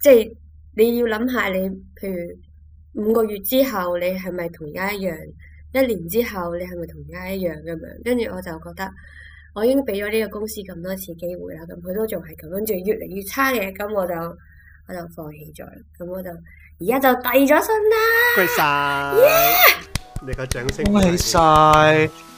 即係你要諗下你，譬如五個月之後你係咪同而家一樣，一年之後你係咪同而家一樣咁樣？跟住我就覺得我已經俾咗呢個公司咁多次機會啦，咁佢都仲係咁，跟住越嚟越差嘅，咁我就我就放棄咗，咁我就而家就遞咗信啦。恭喜晒 Yeah! 你個掌聲。恭喜晒。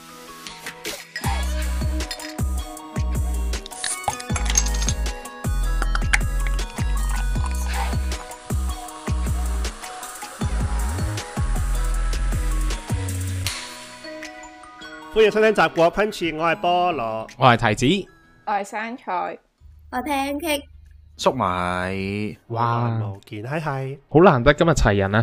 歡迎收聽雜果，Punchy，我係菠蘿，我係提子，我係生菜，我聽劇，粟米，哇，羅健哇，嘿嘿，好難得今日齊人啊！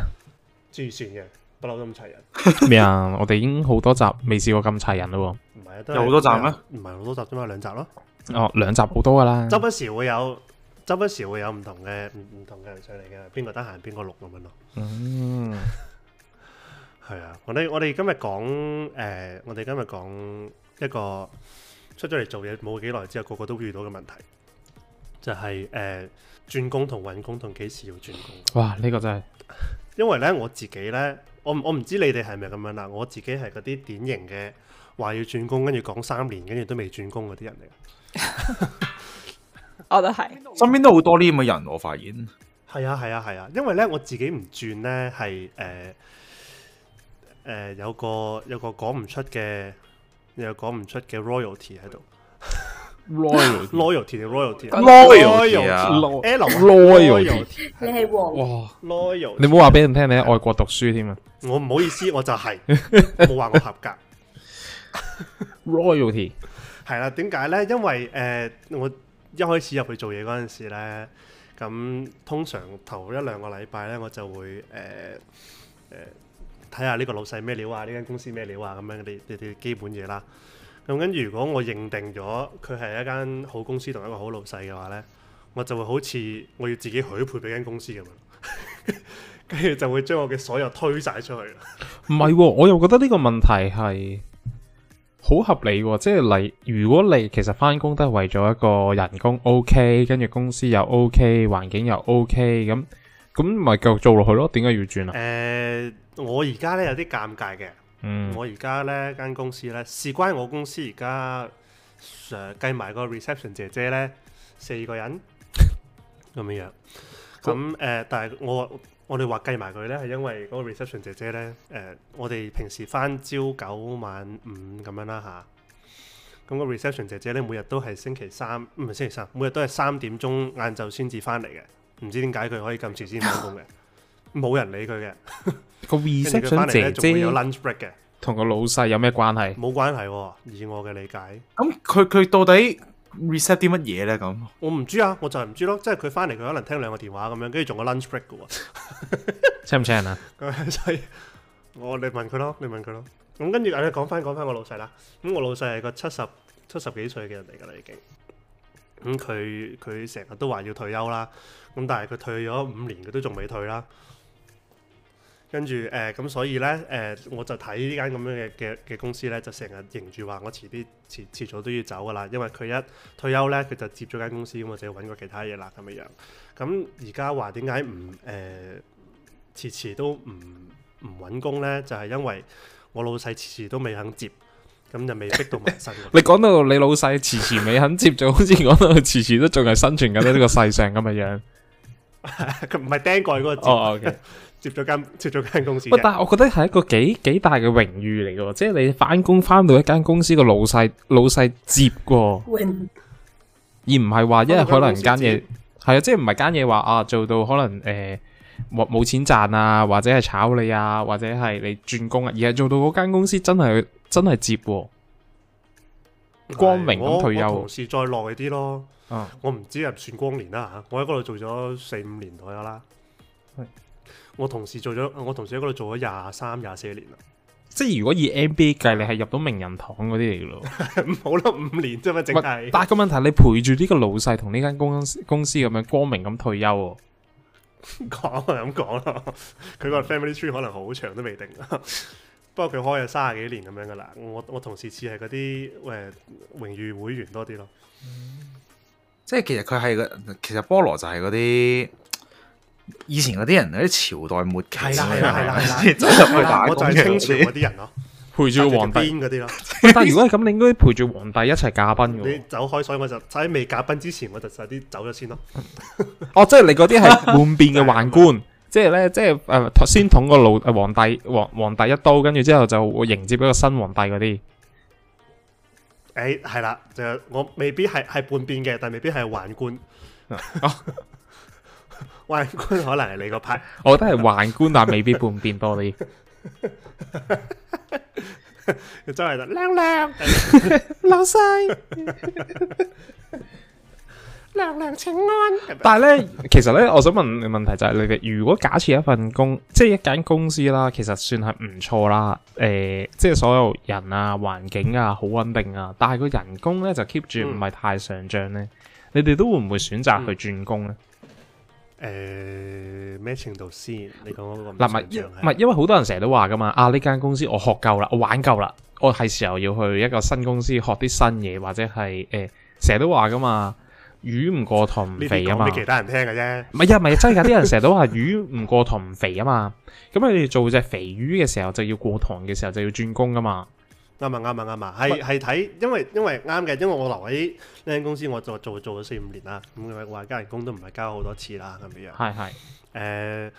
注意算嘅不嬲都咁齊人咩啊？ 我哋已經好多集未試過咁齊人咯，唔係啊，都有好多集啊。唔係好多集啫嘛，兩集咯。哦，兩集好多㗎啦。周不時會有，周不時會有唔同嘅唔唔同嘅人上嚟嘅，邊個得閒邊個錄咁樣咯。嗯。 係啊，我哋我哋今日講誒，我哋今日講一個出咗嚟做嘢冇幾耐之後，個個都遇到嘅問題，就係誒轉工同搵工同幾時要轉工。哇，呢、這個真係，因為咧我自己咧，我我唔知你哋係咪咁樣啦，我自己係嗰啲典型嘅話要轉工，跟住講三年，跟住都未轉工嗰啲人嚟。 我是都係，身邊都好多呢咁嘅人，我發現。係啊，係啊，係啊，因為咧我自己唔轉咧，係、呃、誒。誒，有個有個講唔出嘅，有個講唔出嘅 royalty 喺度，royalty，royalty，royalty，Lroyalty，你係哇，royalty，你唔好話俾人聽你喺外國讀書添啊！我唔好意思，我就係冇話我合格，royalty 係啦，點解咧？因為誒，我一開始入去做嘢嗰陣時咧，咁通常頭一兩個禮拜咧，我就會誒誒。睇下呢個老細咩料啊，呢間公司咩料啊，咁樣啲啲基本嘢啦。咁跟如果我認定咗佢係一間好公司同一個好老細嘅話呢，我就會好似我要自己許配俾間公司咁，跟 住就會將我嘅所有推晒出去。唔係、喎，我又覺得呢個問題係好合理嘅、喎，即係你如果你其實返工都係為咗一個人工 OK，跟住公司又 OK，環境又 OK，咁咁咪繼續做落去咯？點解要轉啊？誒、呃。我而家咧有啲尷尬嘅，嗯、我而家咧間公司咧，事關我公司而家，誒，計埋個 reception 姐姐咧四個人咁 樣，咁誒、嗯嗯呃，但係我我哋話計埋佢咧，係因為嗰個 reception 姐姐咧，誒、呃，我哋平時翻朝九晚五咁樣啦、啊、吓、咁、啊那個 reception 姐姐咧，每日都係星期三唔係、嗯、星期三，每日都係三點鐘晏晝先至翻嚟嘅，唔知點解佢可以咁遲先翻工嘅。 冇人理佢嘅，個 receive 上姐姐仲會有 lunch break 嘅，同個老細有咩關係？冇關係，以我嘅理解。咁佢佢到底 reset 啲乜嘢咧？咁我唔知啊，我就係唔知咯。即係佢翻嚟，佢可能聽兩個電話咁樣，跟住仲個 lunch break 嘅。請唔請人啊？咁 所以我你問佢咯，你問佢咯。咁跟住啊，你講翻講翻我老細啦。咁我老細係個七十七十幾歲嘅人嚟噶啦，已經。咁佢佢成日都話要退休啦。咁但係佢退咗五年，佢都仲未退啦。跟住誒咁，呃、所以呢，誒、呃，我就睇呢間咁樣嘅嘅嘅公司呢，就成日認住話我遲啲遲遲早都要走噶啦，因為佢一退休呢，佢就接咗間公司，咁我就要揾過其他嘢啦咁樣樣。咁而家話點解唔誒遲遲都唔唔揾工呢？就係、是、因為我老細遲遲都未肯接，咁就未逼到埋身。 你講到你老細遲遲未肯接， 就好似講到佢遲遲都仲係生存緊呢個世上咁嘅樣。佢唔係釘蓋嗰個字。哦。接咗間接咗間公司，但係我覺得係一個幾幾大嘅榮譽嚟嘅，即係你翻工翻到一間公司個老細老細接過，而唔係話因為可能間嘢係啊，即係唔係間嘢話啊做到可能誒，冇冇錢賺啊，或者係炒你啊，或者係你轉工啊，而係做到嗰間公司真係真係接的光明咁退休，同事再耐啲咯。啊，我唔知啊，算光年啦吓，我喺嗰度做咗四五年左右啦。我同事做咗，我同事喺嗰度做咗廿三廿四年啦。即係如果以 NBA 計，你係入到名人堂嗰啲嚟咯。唔好啦，五年即係咪正計？不但係個問題，你陪住呢個老細同呢間公司公司咁樣光明咁退休、啊。講就咁講咯，佢個 family tree 可能好長都未定。不過佢開咗三十幾年咁樣噶啦。我我同事似係嗰啲誒榮譽會員多啲咯。嗯、即係其實佢係個，其實菠蘿就係嗰啲。以前嗰啲人嗰啲朝代末期啊，係啦，即係走入去打清朝嗰啲人咯，陪住皇帝啲咯。的的 但如果係咁，你應該陪住皇帝一齊駕崩嘅。你走開，所以我就喺、是、未駕崩之前，我就快啲走咗先咯。 哦，即係你嗰啲係叛變嘅宦官，即係咧，即係誒，先捅個老皇帝皇皇帝一刀，跟住之後就迎接一個新皇帝嗰啲。誒、哎，係啦，就我未必係係叛變嘅，但係未必係宦官。 哦宦官可能係你嗰派 我覺得係宦官，但未必半變多啲。真係啦，靚靚老細，娘娘請安。 但係咧，其實咧，我想問嘅問題就係、是，你哋如果假設一份工，即係一間公司啦，其實算係唔錯啦，誒、呃，即係所有人啊，環境啊，好穩定啊，但係個人工咧就 keep 住唔係太上漲咧，嗯、你哋都會唔會選擇去轉工咧？嗯誒，咩、呃、程度先？你講嗰個，嗱、啊，唔唔係，因為好多人成日都話噶嘛，啊呢間公司我學夠啦，我玩夠啦，我係時候要去一個新公司學啲新嘢，或者係誒，成、呃、日都話噶嘛，魚唔過塘唔肥啊嘛，講俾其他人聽嘅啫。唔係啊，唔係真係，啲人成日都話魚唔過塘唔肥啊嘛，咁你哋做隻肥魚嘅時候，就要過塘嘅時候就要轉工噶嘛。啱啊，啱啊，啱啊，係係睇，因為因為啱嘅，因為我留喺呢間公司，我就做做咗四五年啦，咁嘅話加人工都唔係加好多次啦，咁嘅樣。係係是，誒誒、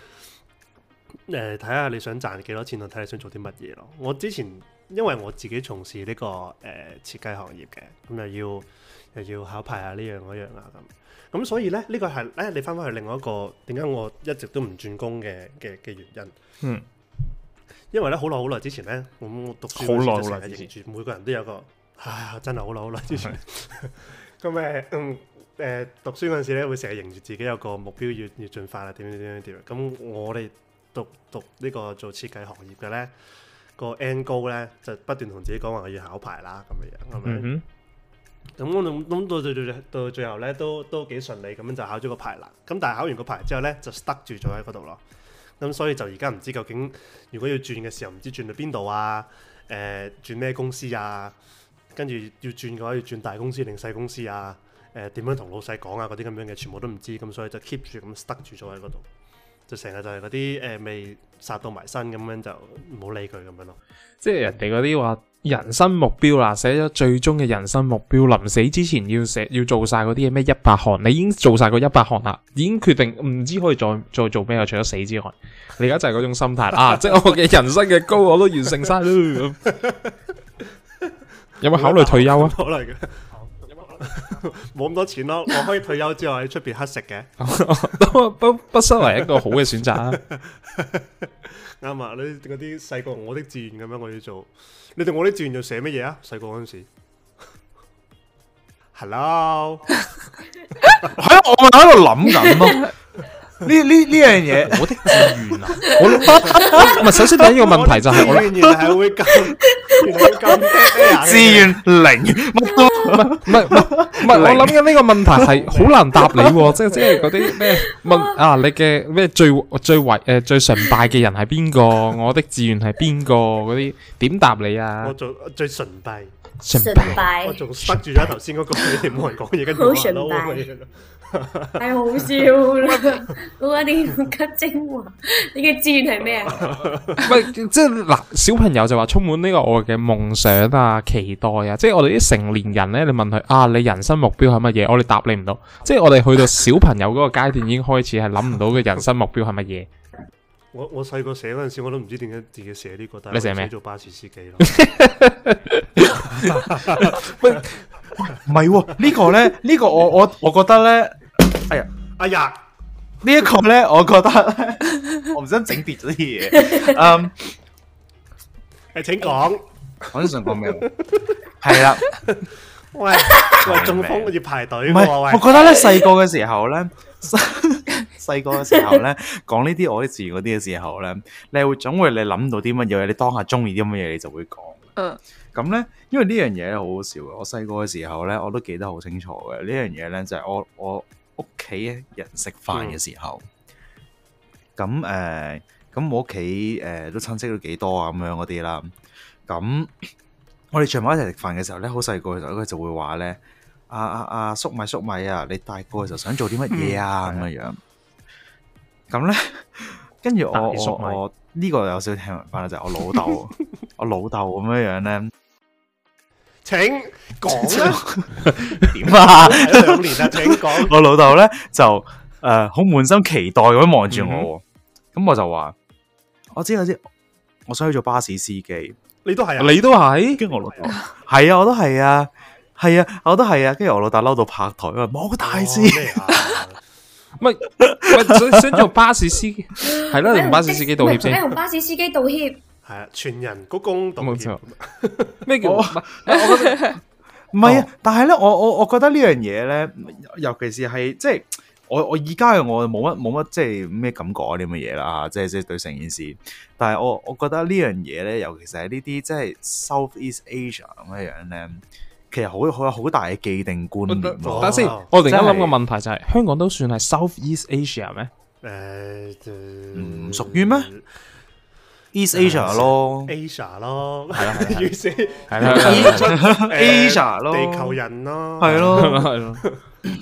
呃，睇、呃、下你想賺幾多錢同睇你想做啲乜嘢咯。我之前因為我自己從事呢、這個誒設計行業嘅，咁、嗯、又要又要考牌啊呢樣嗰樣啊咁，咁、嗯、所以咧呢、這個係誒、呃、你翻返去另外一個點解我一直都唔轉工嘅嘅嘅原因。嗯。因為咧好耐好耐之前咧，我、嗯、讀書嗰陣時成日凝住每個人都有個，唉，真係好耐好耐之前。咁誒的 嗯誒讀書嗰陣時咧，會成日凝住自己有個目標要要進化啦，點點點點咁我哋讀讀呢個做設計行業嘅咧，個 N 高咧就不斷同自己講話我要考牌啦，咁嘅樣係咪？咁我諗到到到最後咧，都都幾順利咁樣就考咗個牌啦。咁但係考完個牌之後咧，就 stuck 住咗喺嗰度咯。咁、嗯、所以就而家唔知究竟，如果要轉嘅時候唔知轉到邊度啊？誒、呃，轉咩公司啊？跟住要轉嘅話，要轉大公司定細公司啊？誒、呃，點樣同老細講啊？嗰啲咁樣嘅全部都唔知，咁、嗯、所以就 keep 住咁 stuck 住咗喺嗰度。就成日就係嗰啲，誒，未殺到埋身咁樣就唔好理佢咁樣咯。即係人哋嗰啲話人生目標啦，寫咗最終嘅人生目標，臨死之前要寫要做晒嗰啲嘢咩一百項，你已經做晒個一百項啦，已經決定唔知可以再再做咩啊？除咗死之外，你而家就係嗰種心態啊！ 即係我嘅人生嘅 goal 我都完成曬啦。 有冇考慮退休啊？可能嘅。 冇咁 多錢咯，我可以退休之後喺出邊乞食嘅， 不不失為一個好嘅選擇啊！啱啊， 你嗰啲細個我的志願咁樣我要做，你哋我的志願又寫乜嘢啊？細個嗰陣時，Hello，係我咪喺度諗緊咯。 呢呢呢樣嘢，我的志願啊！我唔係首先第一個問題就係我志願係會咁，會咁嘅人。志願零，唔係唔係唔係，我諗嘅呢個問題係好難答你喎。即即係嗰啲咩問啊？你嘅咩最最唯誒最崇拜嘅人係邊個？我的志願係邊個？嗰啲點答你啊？我、啊、最最崇拜，崇拜，我仲塞住咗頭先嗰句冇人講嘢，跟住我扭落去。太、 哎、好笑啦！攞一啲骨精華，你嘅志願係咩啊？唔 即係嗱，小朋友就話充滿呢個我嘅夢想啊、期待啊，即係我哋啲成年人咧，你問佢啊，你人生目標係乜嘢？我、啊、哋答你唔到，即係我哋去到小朋友嗰個階段已經開始係諗唔到嘅人生目標係乜嘢？我我細個寫嗰陣時，我都唔知點解自己寫呢個，但你寫咩？做巴士司機咯？唔係喎，呢個咧，呢個我我我覺得咧。哎呀，哎呀，呢一個咧，我覺得我唔想整跌咗啲嘢。嗯，係，請講。我啲想講咩？係啦，喂 了喂，中風好似排隊。唔係是，喂我覺得咧細個嘅時候咧，細個嘅時候咧講呢啲我啲字嗰啲嘅時候咧，你係會總會你諗到啲乜嘢？你當下中意啲乜嘢，你就會講。嗯，咁咧，因為呢樣嘢好好笑嘅。我細個嘅時候咧，我都記得好清楚嘅呢樣嘢咧，就係我我。我我我我屋企嘅人食飯嘅時候，咁誒，咁我屋企誒都親戚都幾多啊，咁樣嗰啲啦。咁我哋長埋一齊食飯嘅時候咧，好細個嘅時候佢就會話咧，阿阿阿粟米粟米啊，你大個嘅時候想做啲乜嘢啊咁樣樣。咁咧，跟住我我我呢個有少少聽聞啦，就係我老豆，我老豆咁樣樣咧。請講點啊？兩年啊，請講。我老豆咧就誒，好、呃、滿心期待咁望住我，咁、嗯哼嗯、我就話：我知我知，我想去做巴士司機。你都係、啊，你都係，跟住、哎、我老豆係啊，我都係啊，係啊，我都係啊，跟住我老豆嬲到拍台，話冇大師、哦，唔係、啊，唔 想做巴士司機，係啦、 啊，你同巴士司機道歉先，同巴士司機道歉。 係啊，全人嗰公道，冇錯，咩叫啊？唔係啊，但係咧，我我我覺得 呢樣嘢咧，尤其是係即係我我而家嘅我冇乜冇乜即係咩感覺啲咁嘅嘢啦，啊，即係即係對成件事。但係我我覺得呢樣嘢咧，尤其是喺呢啲即係 South East Asia 咁嘅樣咧，其實好好有好大嘅既定觀念。等先，我突然間諗個問題就係、是，是香港都算係 South East Asia 咩？誒、嗯，唔屬於咩？East Asia 咯，Asia 咯，係咯，於是係啦，Asia 咯，地球人咯，係咯，係咯，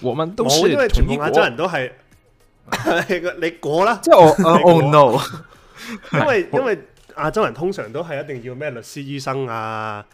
我哋都因為全部亞洲人都係你過啦，即係我，oh no，因為因為亞洲人通常都係一定要咩律師、醫生啊，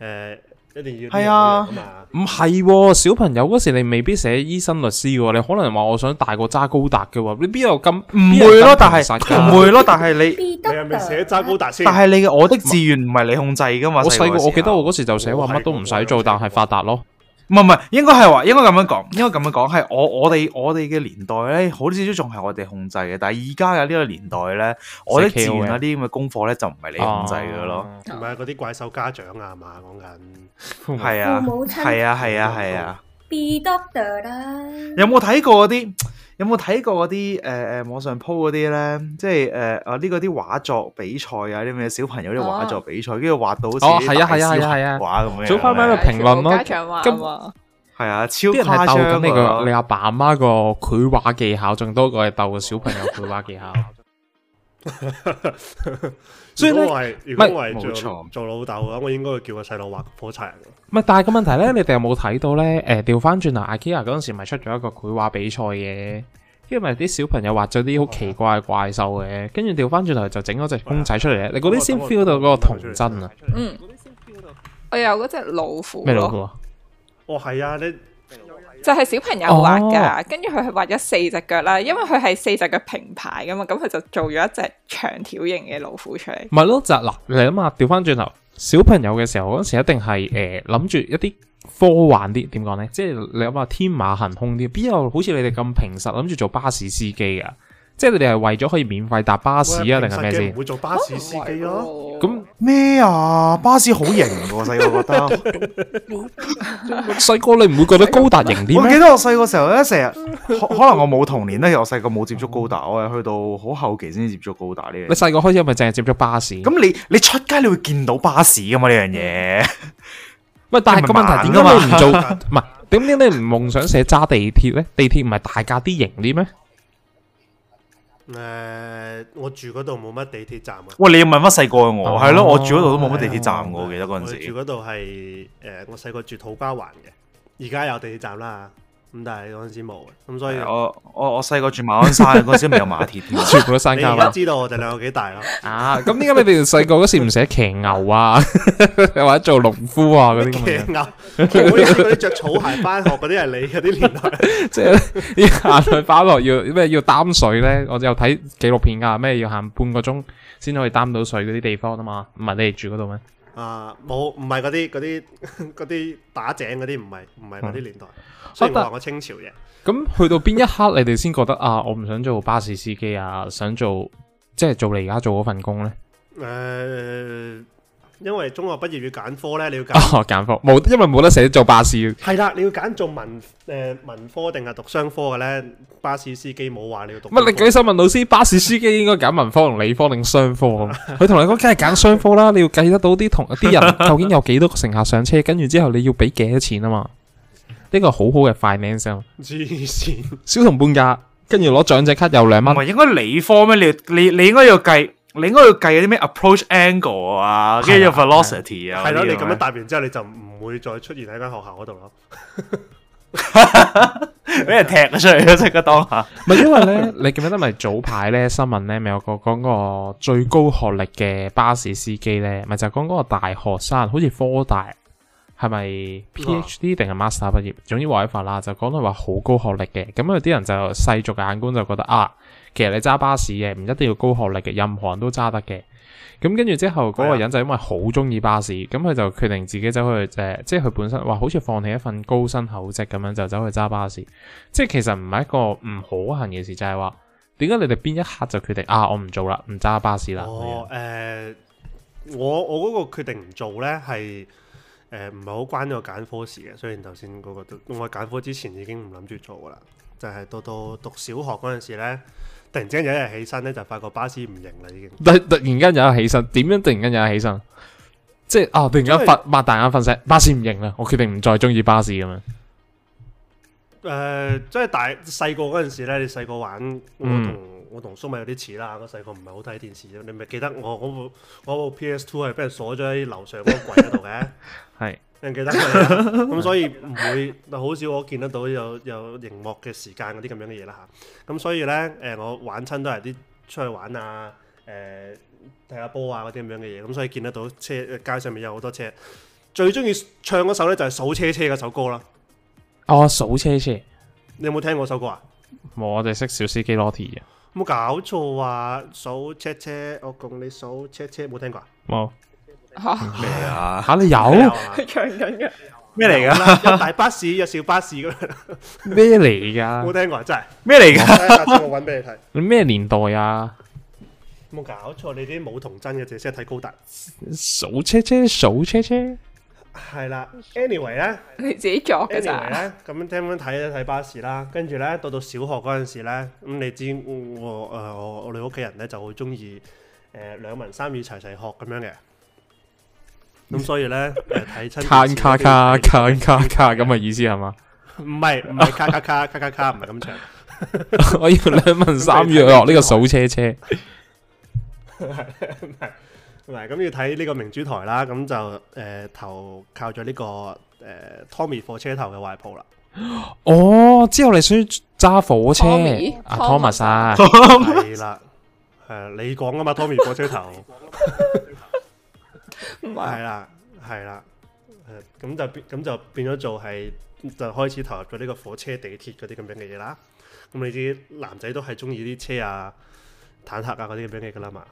誒。一定要係啊，唔係、哦、小朋友嗰時你未必寫醫生律師喎，你可能話我想大個揸高達嘅喎，你邊有咁唔會咯？但係唔、啊、會咯？但係你 你係啊，咪寫揸高達先？但係你嘅我的志願唔係你控制㗎嘛？我細個我，我記得我嗰時就寫話乜都唔使做，但係發達咯。唔係唔係，應該係話，應該咁樣講，應該咁樣講，係我我哋我哋嘅年代呢，好似都仲係我哋控制嘅，但係而家嘅呢個年代呢，我啲其他啲咁嘅功課咧就唔係你控制嘅咯，唔係嗰啲怪獸家長啊嘛，講緊，係啊，係啊，係啊，係啊。Be 有冇睇過嗰啲？有冇睇過嗰啲？誒、呃、誒，網上鋪嗰啲咧，即係誒啊呢個啲畫作比賽啊，啲咩小朋友啲畫作比賽，跟住畫到好似。係啊係啊係啊，畫咁、啊啊啊啊、樣，早排咪喺度評論咯，係啊，跟啊，超誇張，呢個你阿爸阿媽個繪畫技巧仲多過係斗個小朋友繪畫技巧。 所以咧，唔係冇錯，做老豆嘅話，我應該會叫個細路畫火柴人咯。唔係，但係個問題咧，你哋有冇睇到咧？誒、呃，調翻轉頭，IKEA 嗰陣時咪出咗一個繪畫比賽嘅，跟住咪啲小朋友畫咗啲好奇怪嘅怪獸嘅，跟住調翻轉頭就整咗隻公仔出嚟咧。哎、呀你嗰啲先 feel 到個童真啊！嗯，我有嗰隻老，老虎。咩老虎啊？哦，係啊，你。就係小朋友畫噶跟住佢係畫咗四隻腳啦，因為佢係四隻腳平排噶嘛，咁佢就做咗一隻長條型嘅老虎出嚟。咪咯，就嗱，你諗下，調翻轉頭，小朋友嘅時候嗰時一定係誒諗住一啲科幻啲，點講呢？即係你諗下天馬行空啲，邊有好似你哋咁平實諗住做巴士司機㗎？即係你哋係為咗可以免費搭巴士啊，定係咩先？唔會做巴士司機咯？咁咩啊？巴士好型喎，我細個覺得。細個你唔會覺得高達型啲咩？我記得我細個時候咧，成日可能我冇童年咧，我細個冇接觸高達，我係去到好後期先接觸高達呢樣嘢。你細個開始係咪淨係接觸巴士？咁你你出街你會見到巴士噶嘛？呢樣嘢。喂，但係個問題，點解你唔做？唔係點解你唔夢想寫揸地鐵咧？地鐵唔係大架啲型啲咩？誒、呃，我住嗰度冇乜地鐵站啊！喂，你又問返細個我係咯、哦，我住嗰度都冇乜地鐵站了我記得嗰陣時。住嗰度係誒，我細個住土瓜灣嘅，而家有地鐵站啦，咁但係嗰陣時冇，咁，所以我我我細個住馬鞍山嗰陣時未有馬鐵，全部都山間。而家知道我哋兩個幾大啦？ 啊，咁點解你哋細個嗰時唔寫騎牛啊，又 或者做農夫啊嗰啲嘢？啲着 草鞋翻學嗰啲係你嗰啲年代，即係要行去翻學要咩要擔水咧？我有睇紀錄片噶，咩要行半個鐘先可以擔到水嗰啲地方啊嘛？唔係你哋住嗰度咩？啊，冇，唔係嗰啲啲啲打井嗰啲，唔係唔係嗰啲年代，所以話我清朝嘅。咁、啊、去到邊一刻你哋先覺得 啊，我唔想做巴士司機啊，想做即係做你而家做嗰份工咧？誒、呃。因為中學畢業要揀科咧，你要揀。哦，揀科冇，因為冇得寫做巴士。係啦，你要揀做文誒文科定係讀商科嘅咧？巴士司機冇話你要讀。乜？你舉手問老師，巴士司機應該揀文科同理科定商科？佢同你講梗係揀商科啦，你要計得到啲同啲人究竟有幾多個乘客上車，跟住之後你要俾幾多錢啊嘛？呢個好好嘅快名聲。黐線，小童半價，跟住攞長者卡又兩蚊。唔係應該理科咩？你你你應該要計。你應該要計啲咩 approach angle 啊，跟住的、啊、velocity 啊。係咯的些，你咁樣答完之後，你就唔會再出現喺間學校嗰度咯。俾 人踢咗出嚟咯！即刻當下。唔係因為咧，你記唔記得咪早排咧新聞咧咪有個講個最高學歷嘅巴士司機咧？咪就係講嗰個大學生，好似科大係咪 PhD 定係 master 畢業？啊、總之話曬啦，就講到話好高學歷嘅。咁有啲人就世俗嘅眼光就覺得啊。其實你揸巴士嘅，唔一定要高學歷嘅，任何人都揸得嘅。咁跟住之後嗰個人就因為好中意巴士，咁佢、啊、就決定自己走去、呃、即係佢本身話好似放棄一份高薪厚職咁樣就走去揸巴士。即係其實唔係一個唔可行嘅事，就係話點解你哋邊一刻就決定啊我唔做啦，唔揸巴士啦？誒、呃，我我嗰個決定唔做呢係。誒，唔係好關呢個揀科事嘅，雖然頭先嗰個都我揀科之前已經唔諗住做噶啦，就係、是、到到讀小學嗰陣時咧，突然之間有一日起身咧就發覺巴士唔型啦已經。突突然間有一日起身，點樣突然間有一日起身？即係哦，突然間發擘為大眼瞓醒，巴士唔型啦，我決定唔再中意巴士咁樣。誒、呃，即、就、係、是、大細個嗰陣時咧，你細個玩我同、嗯。我同蘇米有啲似啦。我細個唔係好睇電視，你咪記得我我部部 PS2 係俾人鎖咗喺樓上嗰個櫃嗰度嘅。係， 你記唔記得？咁 所以唔會，但好少我見得到有有熒幕嘅時間嗰啲咁樣嘅嘢啦。嚇咁所以咧誒、欸，我玩親都係啲出去玩，玩，玩、欸、啊，誒踢下波啊嗰啲咁樣嘅嘢。咁所以見得到車街上面有好多車。最中意唱嗰首咧就係、是、數車車嘅首歌啦。哦，數車車，你有冇聽過首歌啊？冇，我哋識小司機 Lottie 冇搞錯啊！數車車，我共你數車車，冇聽過啊？冇吓咩啊？吓你有？咩嚟噶？有大巴士，有小巴士咁樣。咩嚟噶？冇聽過？真係。咩嚟噶？下次我搵俾你睇。你咩年代啊？冇搞錯，你啲冇童真嘅，淨識睇高達。數車車，數車車。係啦，anyway 咧、anyway,，你自己作噶咋咧，咁樣聽翻睇一睇巴士啦，跟住咧到到小學嗰陣時咧，咁、嗯、你知我誒我我哋屋企人咧就好中意誒兩文三語齊齊學咁樣嘅，咁所以咧誒睇親卡卡卡卡卡咁嘅意思係嘛？唔係唔係卡卡卡卡卡卡唔係咁長，我要兩文三語學呢個數車車。係咁要睇呢個明珠台啦，咁就誒、呃、投靠咗呢、這個誒、呃、Tommy 火車頭嘅懷抱啦。哦，之後你想揸火車，阿 Tommy?、啊、Thomas 啊，係啦 Tom. 誒你講啊嘛，Tommy 火車頭，唔係啦，係啦，咁就變咁就變咗做系，就開始投入咗呢個火車、地鐵嗰啲咁樣嘅嘢啦。咁你啲男仔都係中意啲車啊、坦克啊嗰啲咁樣嘅噶啦嘛。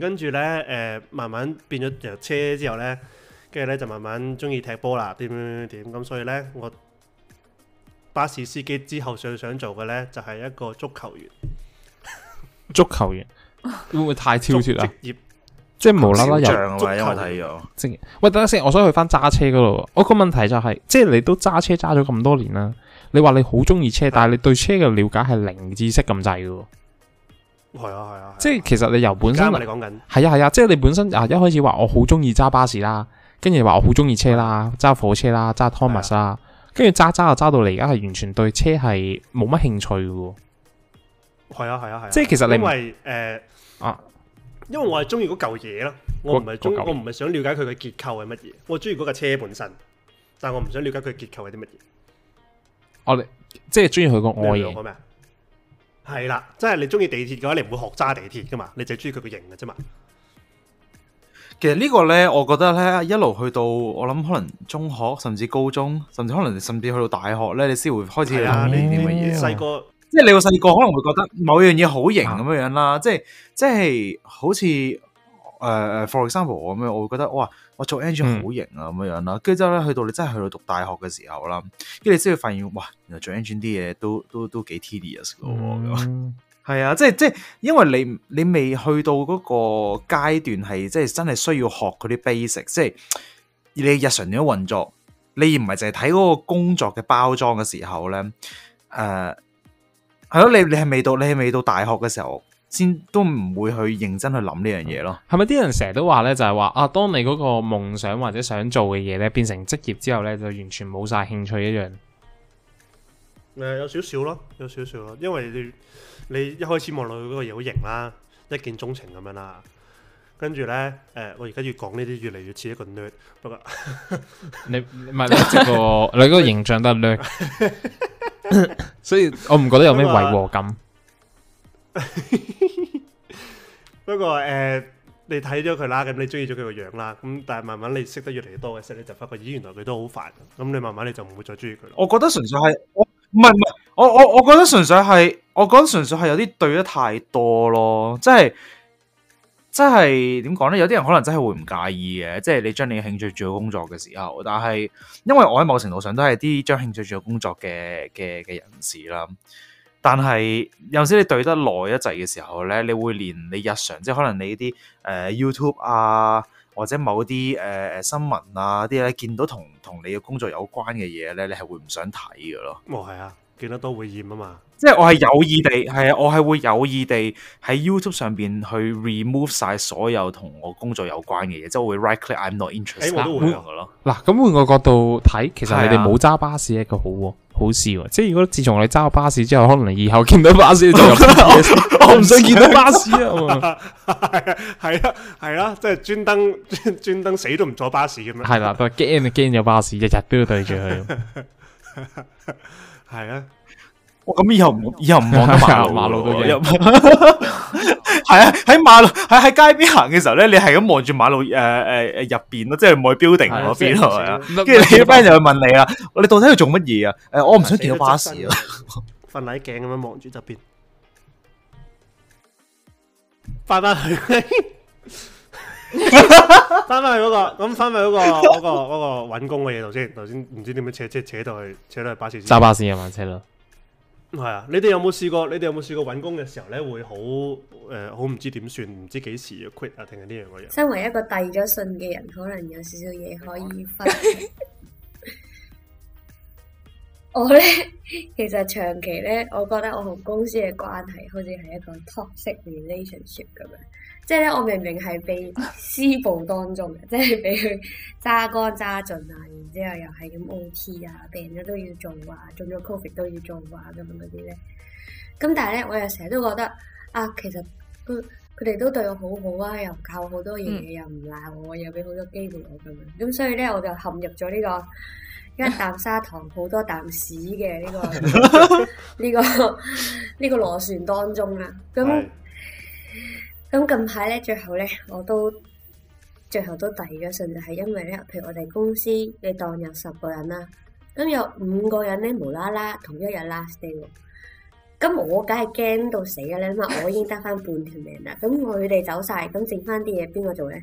跟住呢，誒、呃、慢慢變咗由車之後呢，跟住呢就慢慢中意踢波啦，點點點咁，所以呢，我巴士司機之後最想做嘅呢，就係、是、一個足球員。 足球員會唔會太超脫啊？即係無啦啦又足球形象啊嘛，因為睇咗。喂，等下先，我想去翻揸車嗰度。我個問題就係、是，即係你都揸車揸咗咁多年啦，你話你好中意車，但係你對車嘅了解係零知識咁滯嘅。係啊係啊，啊啊即係其實你由本身揸，你講緊係啊係啊，即係你本身啊，一開始話我好中意揸巴士啦，跟住話我好中意車啦，揸火車啦，揸 Thomas 啦、啊，跟住揸揸就揸到嚟而家係完全對車係冇乜興趣噶喎。係啊係啊係，啊啊即係其實你因為誒啊、呃，因為我係中意嗰舊嘢啦，我唔係中我唔係想了解佢嘅結構係乜嘢，我中意嗰架車本身，但我唔想了解佢嘅結構係啲乜嘢。我哋即係中意佢個外形。係啦，即係你中意地鐵嘅話，你唔會學揸地鐵噶嘛，你就係中意佢個型嘅啫嘛。其實呢個呢，我覺得呢，一路去到我諗可能中學，甚至高中，甚至可能甚至去到大學呢，你先會開始啦呢啲乜嘢。細個，啊，即係你個細個可能會覺得某樣嘢好型咁樣樣啦，即係即係好似。誒誒、uh,，for example 咁樣，我會覺得哇，我做 engine 好、er、型啊咁、嗯、樣樣啦。跟住之後咧，去到你真係去到讀大學嘅時候啦，跟住你先會發現，哇，原來做 engine 啲、er、嘢都都都幾 tedious 嘅。係、嗯、 啊，即係即係，因為你你未去到嗰個階段，係即係真係需要學嗰啲 basic，即係你日常點樣運作，你唔係淨係睇嗰個工作嘅包裝嘅時候咧。誒、呃，係咯、啊，你你係未到，你係未到大學嘅時候。先都唔會去認真去諗呢樣嘢咯，係咪啲人成日都話咧，就係、是、話啊，當你嗰個夢想或者想做嘅嘢咧變成職業之後咧，就完全冇晒興趣一樣。誒 哎，有少少咯，有少少咯，因為你你一開始望落去嗰個嘢好型啦，一見鍾情咁樣啦，跟住咧誒，我而家越講呢啲越嚟越似一個虐，不過你唔係你呢個你個形象都係虐， 所以我唔覺得有咩違和感。 不過誒、呃，你睇咗佢啦，咁你中意咗佢個樣啦，咁但係慢慢你識得越嚟越多嘅時候，你就發覺咦，原來佢都好煩，咁你慢慢你就唔會再中意佢咯。我覺得純粹係我唔係唔係，我我我覺得純粹係，我覺得純粹係有啲對得太多咯，即係即係點講呢？有啲人可能真係會唔介意嘅，即係你將你嘅興趣做工作嘅時候，但係因為我喺某程度上都係啲將興趣做工作嘅嘅嘅人士啦。但係有陣時你對得耐一滯嘅時候咧，你會連你日常即係可能你啲誒 YouTube 啊或者某啲誒誒新聞啊啲咧，見到同同你嘅工作有關嘅嘢咧，你係會唔想睇嘅咯。冇係啊，見得多會厭啊嘛。即係我係有意地係啊，我係會有意地喺 YouTube 上邊去 remove 晒所有同我工作有關嘅嘢，即係會 right click I'm not interested 咁樣嘅咯。嗱，咁換個角度睇，其實你哋冇揸巴士一個好，好事喎、啊，即係如果自從我揸過巴士之後，可能以後見到巴士就，就， 我唔想見到巴士啊！係 啊，係啦、啊，係啦、啊，即係專登專登死都唔坐巴士咁樣。係 啦、啊，都驚啊驚咗巴士，日日都要對住佢。係 啊。咁以後唔，以後唔望喺馬路，係啊喺馬路喺喺街邊行嘅時候咧，你係咁望住馬路誒誒誒入邊咯，即係唔係 building 嗰邊，係啊？跟住啲 friend 又會問你啊，你到底喺度做乜嘢啊？誒，我唔想掉巴士啊，瞓捩頸咁樣望住側邊，翻翻去，翻翻去嗰個，咁翻翻去嗰個個個搵工嘅嘢，頭先，頭先唔知點樣扯扯扯到去扯到去巴士，揸巴士又慢車咯。係啊，你哋有冇試過？你哋有冇試過搵工嘅時候咧，會好誒，好、呃、唔知點算，唔知幾時要 quit 啊，定係呢樣嘅嘢？身為一個遞咗信嘅人，可能有少少嘢可以分 我咧，其實長期咧，我覺得我同公司嘅關係，好似係一個 toxic relationship 咁樣。即係咧，我明明係被施暴當中嘅，即係俾佢揸乾揸盡啊，然之後又係咁 O T 啊，病咗都要做啊，中咗 Covid 都要做啊，咁樣啲咧。咁但係咧，我又成日都覺得啊，其實佢佢哋都對我好好啊，又唔靠好多嘢，嗯、又唔鬧我，又俾好多機會我咁樣。咁所以咧，我就陷入咗呢個一啖砂糖好 多啖屎嘅呢、這個呢個呢個螺旋當中啦、啊。咁。咁近排咧，最後咧，我都最後都遞咗信，就係因為咧，譬如我哋公司你當有十個人啦，咁有五個人咧無啦啦同一日 last day，咁我梗係驚到死啦，因為我已經得翻半條命啦，咁佢哋走晒，咁剩翻啲嘢邊個做咧？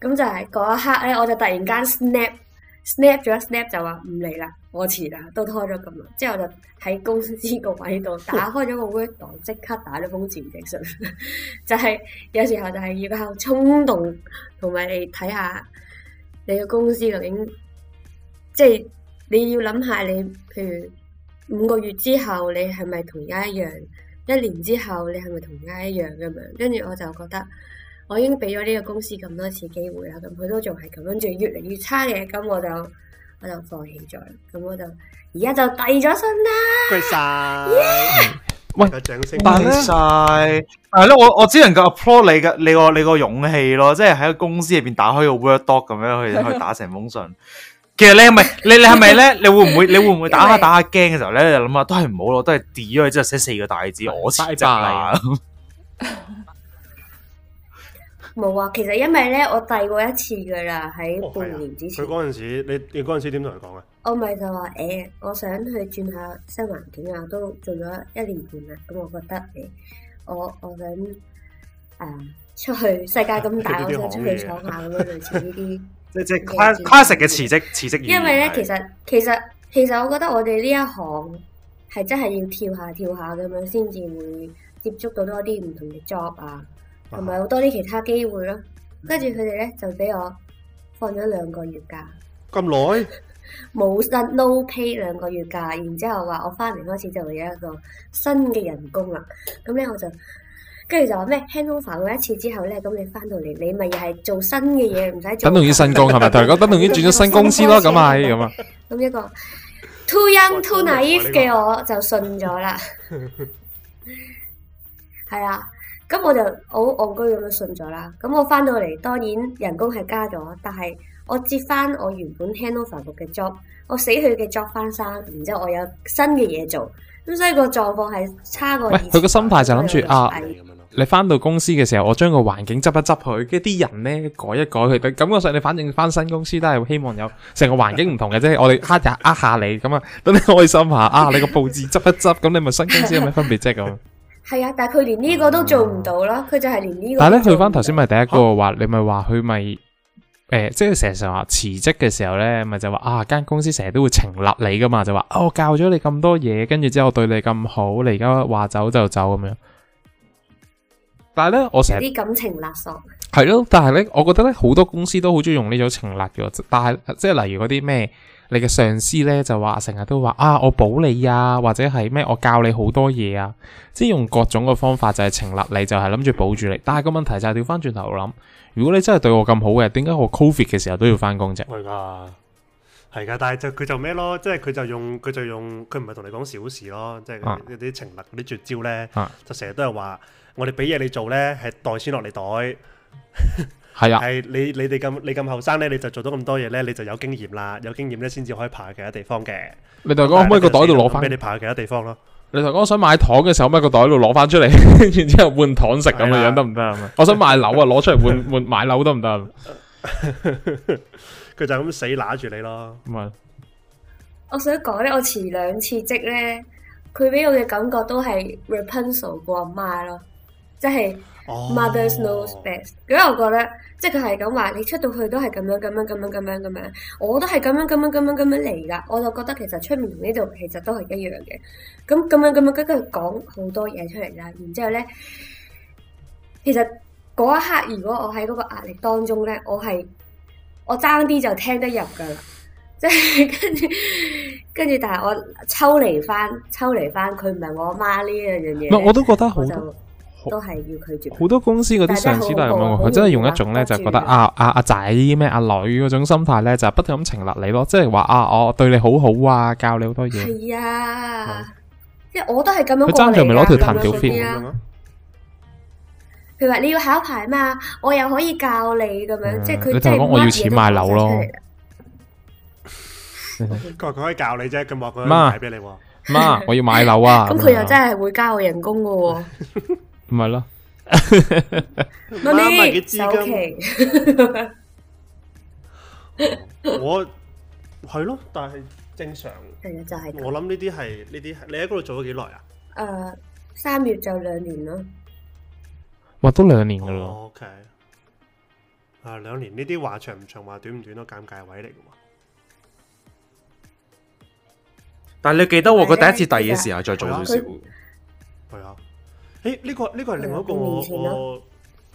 咁就係嗰一刻咧，我就突然間 snap。Snap 咗 snap 就話唔嚟啦，我遲啦，都拖咗咁耐，之後就喺公司個位度打開咗個 word 檔即刻打咗封辭職信。就係有時候就係要靠衝動，同埋你睇下你嘅公司究竟。即係你要諗下你，譬如五個月之後你係咪同而家一樣，一年之後你係咪同而家一樣咁樣，跟住我就覺得。我已經俾咗呢個公司咁多次機會啦，咁佢都仲係咁，跟住越嚟越差嘅，咁我就我就放棄咗啦。咁我就而家就遞咗信啦。恭喜晒，唔該掌聲，恭喜晒。係咯，我我只能夠 approve 你嘅你個你個勇氣咯，即係喺個公司入邊打開個 Word Doc 咁樣去去打成封信。其實你係咪你你係咪咧？你會唔會你會唔會打下打下驚嘅時候咧？就諗下都係唔好咯，都係跌咗佢之後寫四個大字我唔 do 啦。冇啊，其實因為咧，我遞過一次噶啦，喺半年之前。佢嗰陣時，你你嗰陣時點同佢講嘅？我咪就話誒、欸，我想去轉下新環境啊，都做咗一年半啦，咁我覺得誒，我我想誒、呃、出去世界咁大，我想出去闖下咁樣，類似呢啲。即即係 classic 嘅辭職，辭職。 辭職因為咧的，其實其實其實我覺得我哋呢一行係真係要跳下跳下咁樣，先至會接觸到多啲唔同嘅 job 啊。同埋好多啲其他機會咯，跟住佢哋咧就俾我放咗兩個月假，咁耐冇得 no pay 兩個月假，然之後話我翻嚟開始就會有一個新嘅人工啦，咁咧我就跟住就話咩 handle 翻過一次之後咧，咁你翻到嚟你咪又係做新嘅嘢，唔使等同於新工係咪？同埋咁等同於轉咗新公司咯，咁啊咁啊，咁一個 too young too naive 嘅我就信咗啦，係啊。咁我就好戇居咁樣信咗啦。咁我翻到嚟，當然人工係加咗，但係我接翻我原本 handle 繁複嘅 job，我死去嘅 job 翻生，然之後我有新嘅嘢做，咁所以個狀況係差過。喂，佢個心態就諗住 啊，啊樣你翻到公司嘅時候，我將個環境執一執佢，跟住啲人咧改一改佢。對，感覺上你反正翻新公司都係希望有成個環境唔同嘅啫。 我哋黑日呃下你咁啊，等你開心下啊。你個佈置執一執，咁、嗯、你咪新公司有咩分別啫咁。 係啊，但係佢連呢個都做唔到咯，佢就係連個呢個。但係咧，去翻頭先咪第一個話，啊、你咪話佢咪誒，即係成日成日話辭職嘅時候咧，咪就話啊，間公司成日都會情勒你噶嘛，就話哦、啊、我教咗你咁多嘢，跟住之後對你咁好，你而家話走就走咁樣。但係咧，我成日啲感情勒索。係咯，但係咧，我覺得咧，好多公司都好中意用呢種情勒嘅。但係即係例如嗰啲咩，你嘅上司咧就話成日都話啊，我保你啊，或者係咩，我教你好多嘢啊。即係用各種嘅方法就係情勒你，就係諗住保住你。但係個問題就係調翻轉頭諗，如果你真係對我咁好嘅，點解我 Covid 嘅時候都要翻工啫？係㗎，係㗎。但係就佢就咩咯，即係佢就用佢就用佢唔係同你講小事咯，即係嗰啲情勒嗰啲絕招咧，啊、就成日都係話我哋俾嘢你做咧，係袋錢落你袋。係是啊，係你你哋，咁你咁後生咧，你就做到咁多嘢咧，你就有經驗啦，有經驗咧先至可以爬其他地方嘅。你頭講可唔可以個袋度攞翻俾你爬其他地方咯？你頭講想買糖嘅時候，可唔可以個袋度攞翻出嚟， 然之後換糖食咁嘅樣得唔得啊？行行 我想買樓啊，攞出嚟換換買樓得唔得？佢就咁死拿住你咯是。唔係，我想講咧，我辭兩次職咧，佢俾我嘅感覺都係 Rapunzel 個阿媽咯，即係。Mother knows best，咁我覺得即係佢係咁話，你出到去都係咁樣咁樣咁樣咁樣咁樣，我都係咁樣咁樣咁樣咁樣嚟㗎，我就覺得其實出面同呢度其實都係一樣嘅，咁咁樣咁樣跟住佢講好多嘢出嚟啦，然之後咧，其實嗰一刻如果我喺嗰個壓力當中咧，我係我爭啲就聽得入噶啦，即係跟住跟住，但係我抽離翻，抽離翻，佢唔係我阿媽呢樣嘢，我都覺得好。都係要拒絕。好多公司嗰啲上司都係咁樣，佢真係用一種咧就覺得啊啊阿仔咩阿女嗰種心態咧，就不斷咁情勒你咯，即係話啊，我對你好好啊，教你好多嘢。係啊，即係我都係咁樣。佢爭就咪攞條藤條 feel 咁樣。譬如話你要考牌嘛，我又可以教你咁樣，即係佢即係乜嘢都教出嚟。佢就講我要錢買樓咯。佢話佢可以教你啫，佢話佢買俾你。媽，我要買樓啊！咁佢又真係會加我人工噶喎。唔係咯，媽咪，我係咯，但係正常，係、嗯就係、啊，就係我諗呢啲係呢啲，你喺嗰度做咗幾耐啊？誒，三月就兩年咯，哇，都兩年噶啦，OK，啊，兩年呢啲話長唔長，話短唔短都尷尬位嚟噶嘛？但係你記得我第一次第二嘅時候再做少少，係啊。誒，呢、欸這個呢、這個係另外一個我唔、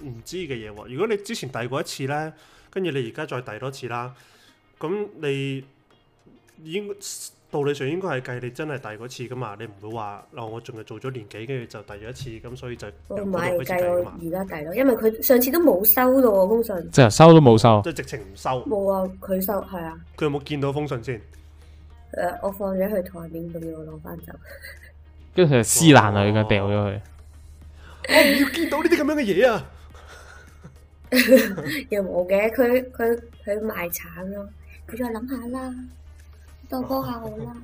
嗯、知嘅嘢喎。如果你之前遞過一次咧，跟住你而家再遞多次啦，咁、嗯、你應該道理上應該係計你真係遞嗰次噶嘛。你唔會話，哦，我仲係做咗年幾，跟住就遞咗一次，咁、嗯、所以就唔係計我買而家遞咯。因為佢上次都冇收到封信，即係收都冇收，即係直情唔收。冇啊，佢收係啊。佢有冇見到封信先？誒、嗯，我放咗去台面度，要我攞翻走，跟住佢就撕爛啦，而家掉咗佢。我唔要見到呢啲咁樣嘅嘢啊！又冇嘅，佢佢佢賣慘咯。你再諗下啦，都幫下我啦。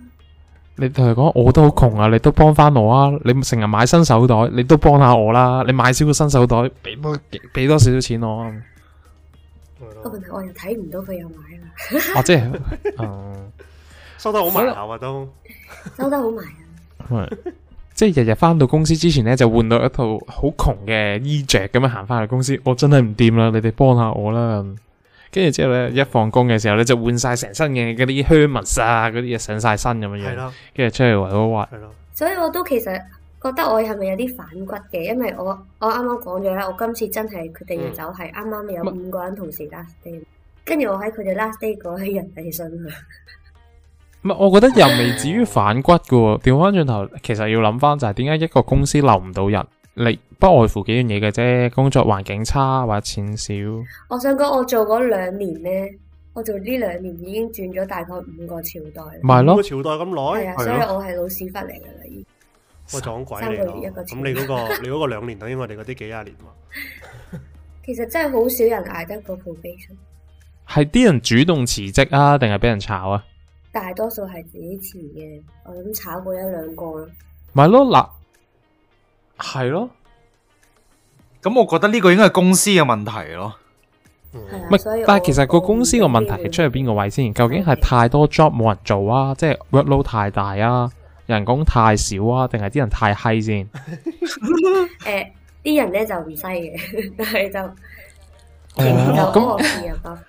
你同佢講，我都好窮啊！你都幫翻我啊！你成日買新手袋，你都幫下我啦！你買少個新手袋，俾多幾俾多少少錢我。我問題我又睇唔到佢有買啊！啊，即係哦，收得好埋啊，都收得好埋啊。即係日日翻到公司之前咧，就換到一套好窮嘅衣着。咁樣行翻去公司，我、哦、真係唔掂啦，你哋幫下我啦。跟住之後咧，一放工嘅時候咧，就換晒成身嘅嗰啲靴民衫嗰啲嘢上晒身咁樣樣，跟住的出去威威。的所以我都其實覺得我係咪有啲反骨嘅，因為我我啱啱講咗啦，我今次真係佢哋要走，係啱啱有五個人、嗯、同時 last day，跟住我喺佢哋 last day 嗰一日起身啊。 我覺得又未至於反骨噶喎，哦。調翻轉頭，其實要諗翻就係點解一個公司留唔到人，你不外乎幾樣嘢嘅啫。工作環境差或者錢少。我想講，我做嗰兩年咧，我做呢兩年已經轉咗大概五個朝代。唔係咯，個朝代咁耐，係啊，所以我係老屎忽嚟噶啦。已 3, 我撞鬼咁 你嗰、那個你嗰個兩年等於我哋嗰啲幾廿年嘛。 其實真係好少人捱得過 probation。係啲人主動辭職啊，定係俾人炒啊？大多數係自己辭嘅，我諗炒過一兩個咯。咪咯，嗱，係咯，咁我覺得呢個應該係公司嘅問題咯。唔係、嗯，不但係其實個公司嘅問題係出喺邊個位先？究竟係太多 job 冇人做啊，即係 workload 太大啊，人工太少啊，定係啲人太閪先 呃？誒，啲人咧就唔閪嘅，但係就競爭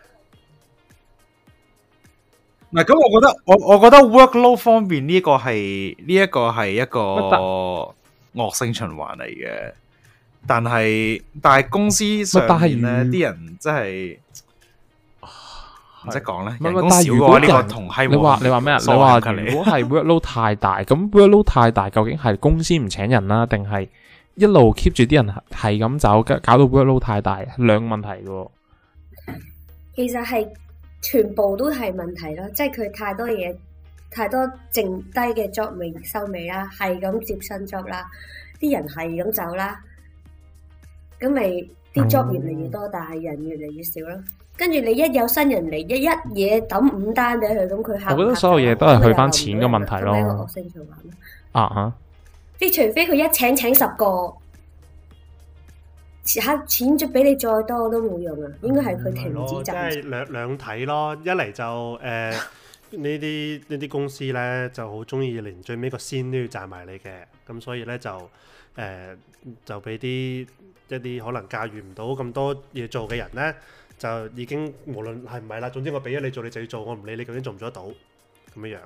嗱，咁、嗯、我覺得我我覺得 workload 方面呢個係呢、這個、一個係一個惡性循環嚟嘅，但係但係公司上咧啲人真係，唔係講咧，公司呢個同係你話你話咩？你話如果係 workload 太大，咁 workload 太大究竟係公司唔請人啦、啊，定係一路 keep 住啲人係咁走，搞到 workload 太大，兩個問題嘅。其實係。全部都係問題咯，即係佢太多嘢，太多剩低嘅 job 未收尾啦，係咁接新 job 啦，啲人係咁走啦，咁咪啲 job 越嚟越多，嗯、但係人越嚟越少咯。跟住你一有新人嚟，一一嘢抌五單俾佢，咁佢下。我覺得所有嘢都係去翻錢嘅問題咯。啊哈！即係、uh huh. 除非佢一請請十個。即刻錢就俾你再多都冇用啊，應該係佢停止賺咯，嗯，即係兩兩睇咯，一嚟就誒呢啲呢啲公司咧就好中意連最尾個仙都要賺埋你嘅，咁所以咧就誒、呃、就俾啲一啲可能駕馭唔到咁多嘢做嘅人咧，就已經無論係唔係啦，總之我俾咗你做你就要做，我唔理你究竟做唔做得到咁樣樣，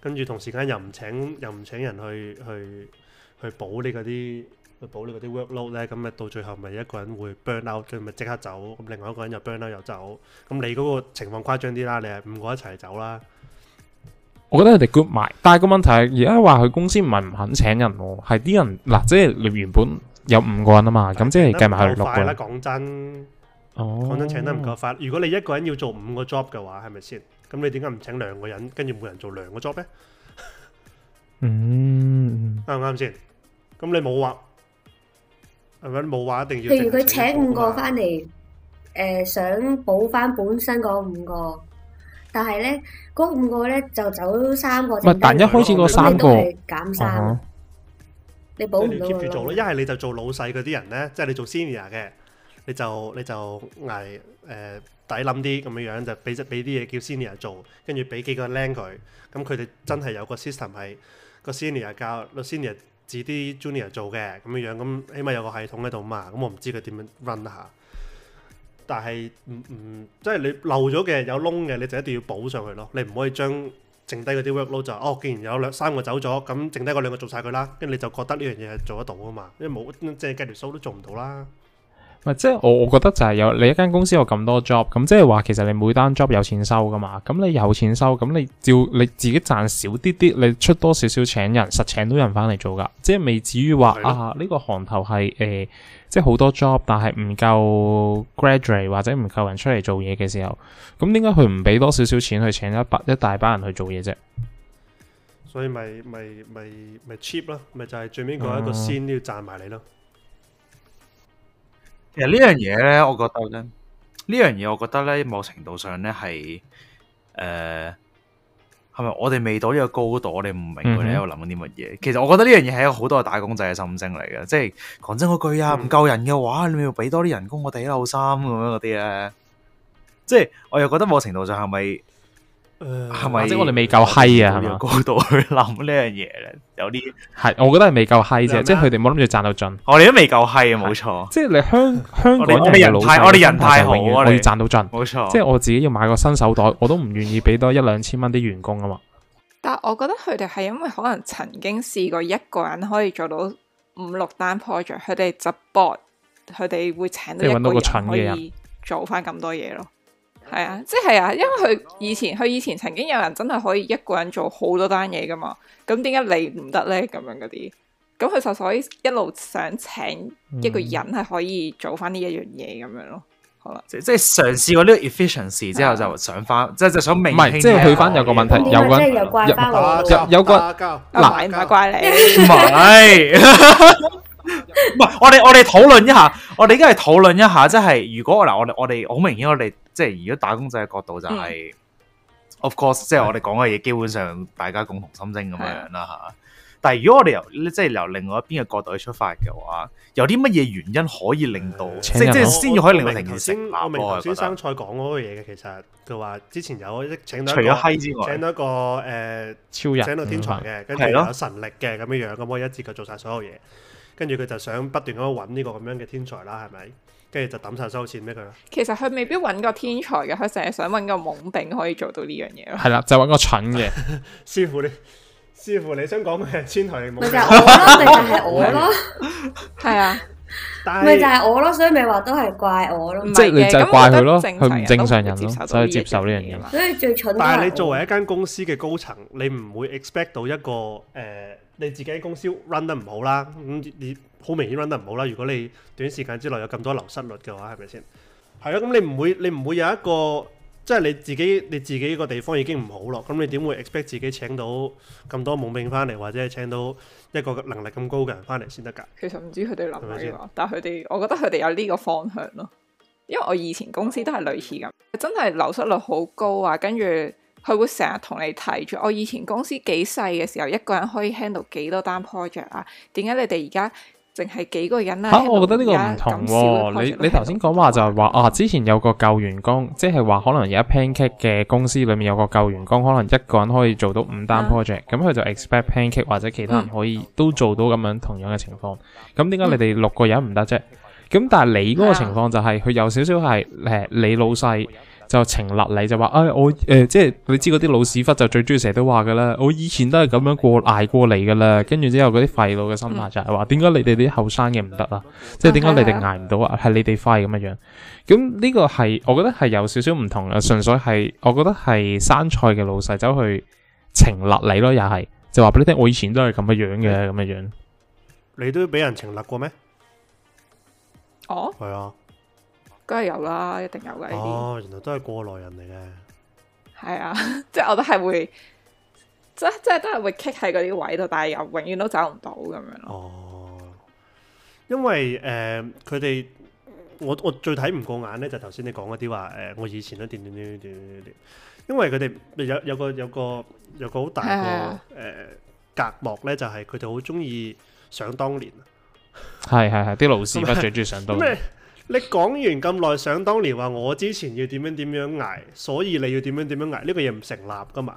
跟住同時間又唔請又唔請人去去去，去補你嗰啲。佢補你嗰啲 workload 咧，咁咪到最後咪一個人會 burn out，佢咪即刻走，咁另外一個人又 burn out 又走，咁你嗰個情況誇張啲啦，你係五個一齊走啦。我覺得佢哋 good 埋，但係個問題係而家話佢公司唔係唔肯請人喎，係啲人嗱，即係你原本有五個人啊嘛，咁即係計埋六個啦。講真，講真請得唔夠快。如果你一個人要做五個 job 嘅話，係咪先？咁你點解唔請兩個人，跟住每人做兩個 job 咧？嗯啱唔啱先？咁你冇話。係咪冇話一定要？譬如佢請五個翻嚟，誒、呃、想補翻本身嗰五個，但係咧嗰五個咧就走三個。但一開始嗰三個減三、uh，huh。你補唔到保。跟住做咯，一係你就做老細嗰啲人咧，即係你做 senior 嘅，你就你就挨誒抵諗啲咁嘅樣，就俾俾啲嘢叫 senior 做，跟住俾幾個僆佢，咁佢哋真係有個 system 係個 senior 教老 senior。似啲 junior 做嘅咁樣樣，咁起碼有個系統喺度嘛，咁我唔知佢點樣 run 下，但係唔唔即係你漏咗嘅有窿嘅，你就一定要補上去咯，你唔可以將剩低嗰啲 work load 就是、哦，既然有兩三個走咗，咁剩低嗰兩個做晒佢啦，跟住你就覺得呢樣嘢係做得到啊嘛，因為冇即係計條數都做唔到啦。唔即係我，我覺得就係有你一間公司有咁多 job，咁、嗯、即係話其實你每單 job 有錢收噶嘛，咁、嗯、你有錢收，咁、嗯、你照你自己賺少啲啲，你出多少少請人，實請到人翻嚟做噶，即係未至於話是的 啊呢、呢個行頭係誒、呃，即係好多 job，但係唔夠 graduate 或者唔夠人出嚟做嘢嘅時候，咁點解佢唔俾多少少錢去請一一大班人去做嘢啫？所以咪咪咪咪 cheap 咯，咪就係最尾嗰一個先都要賺埋你咯。其實呢樣嘢咧，我覺得咧，呢樣嘢我覺得咧，某程度上咧係誒係咪我哋未到呢個高度，我哋唔明佢哋喺度諗緊啲乜嘢，其實我覺得呢樣嘢係一個好多打工仔嘅心聲嚟嘅。即係講真嗰句啊，唔夠人嘅話，嗯、你咪要俾多啲人工我哋一留心咁樣嗰啲咧，即係我又覺得某程度上係咪？係咪？是是嗯、即係我哋未夠閪啊？係嘛？有冇過度去諗呢樣嘢咧，有啲係，我覺得係未夠閪啫。即係佢哋冇諗住賺到盡。我哋都未夠閪啊，冇錯。即係你香香港我哋人太我哋人太好啊，可以賺到盡，冇錯。即係我自己要買個新手袋，我都唔願意俾多一兩千蚊啲員工啊嘛。但係我覺得佢哋係因為可能曾經試過一個人可以做到五六單 project，佢哋就搏，佢哋會請到一個人，搵到一個蠢嘅人可以做翻咁多嘢咯。係啊，即係啊，因為佢以前佢以前曾經有人真係可以一個人做好多單嘢噶嘛，咁點解你唔得咧？咁樣嗰啲，咁佢就所以一路想請一個人係可以做翻呢一樣嘢咁樣咯。好啦，即係嘗試過呢個 efficiency 之後，就想翻，即係就想明，唔係即係去翻有個問題，有個有有個嗱，唔係怪你，唔係，唔係，我哋我哋討論一下，我哋而家係討論一下，即係如果嗱，我哋我哋好明顯我哋。即係如果打工仔嘅角度就係，of course，即係我哋講嘅嘢，是的 基本上大家共同心聲咁樣啦吓。是的 但係如果我哋由即係、就是、由另外一邊嘅角度去出發嘅話，有啲乜嘢原因可以令到了即係先至可以令到成件事我，我明頭先生菜講嗰個嘢嘅，其實佢話之前有請到除咗閪之外，請到一個誒、呃、超人，請到天才嘅，跟住、嗯、有神力嘅咁樣樣，咁可吧一招佢做晒所有嘢。跟住佢就想不斷咁樣揾呢個咁樣嘅天才啦，係咪？跟住就抌曬收錢俾佢啦。其實佢未必揾個天才嘅，佢成日想揾個懵丙可以做到呢樣嘢咯。係啦，就揾個蠢嘅師傅咧。師傅你想講咩？千台冇。咪就係我咯，咪就係我咯，係啊。咪就係我咯，所以咪話都係怪我咯。即係你就怪佢咯，佢唔正常人咯，所以接受呢樣嘢嘛。所以最蠢。但係你作為一間公司嘅高層，你唔會 expect 到一個誒，你自己公司 run 得唔好啦咁。好明顯 run 得唔好啦！如果你短時間之內有咁多流失率嘅話，係咪先？係啊，咁、嗯、你唔會，你唔會有一個即係你自己，你自己個地方已經唔好咯。咁、嗯、你點會 expect 自己請到咁多猛兵翻嚟，或者係請到一個能力咁高嘅人翻嚟先得㗎？其實唔知佢哋諗咩話，吧但係佢哋，我覺得佢哋有呢個方向咯。因為我以前公司都係類似咁，真係流失率好高啊！跟住佢會成日同你提住，我以前公司幾細嘅時候，一個人可以 handle 幾多單 project 啊？點解你哋而家？淨係幾個人啊？吓，我覺得呢個唔同你。你你頭先講話就係話啊，啊，之前有個舊員工，即係話可能有一 Pancake 嘅公司裏面有個舊員工，可能一個人可以做到五單 project，咁佢就 expect Pancake 或者其他人可以都做到咁樣，嗯、同樣嘅情況。咁點解你哋六個人唔得啫？咁、嗯、但係你嗰個情況就係、是、佢、啊、有少少係誒，你老細。就懲罰你就話，哎，我誒、呃、即係你知嗰啲老屎忽就最中意成日都話嘅啦。我以前都係咁樣過捱過嚟嘅啦。跟住之後嗰啲廢佬嘅心態就係話，點解、嗯、你哋啲後生嘅唔得啊？即係點解你哋捱唔到啊？係、啊、你哋廢咁嘅樣。咁呢個係我覺得係有少少唔同嘅，純粹係我覺得係生菜嘅老細走去懲罰你咯，又係就話俾你聽，我以前都係咁嘅樣嘅咁嘅樣。你都俾人懲罰過咩？哦，係啊。都係有啦，一定有嘅。哦，原來都係過來人嚟嘅。係啊，即係我都係會，即係即係都係會棘喺嗰啲位度，但係又永遠都走唔到咁樣咯。哦，因為誒，佢、呃、哋我我最睇唔過眼咧，就頭先你講嗰啲話，誒，我以前都點點點點點點點，因為佢哋有有個有個有個好大嘅誒隔膜咧，就係佢哋好中意想當年。係係係，啲、啊、老屎忽最中意想當年。是你講完咁耐，想當年話我之前要點樣點樣挨，所以你要點樣點樣挨，呢個嘢唔成立噶嘛？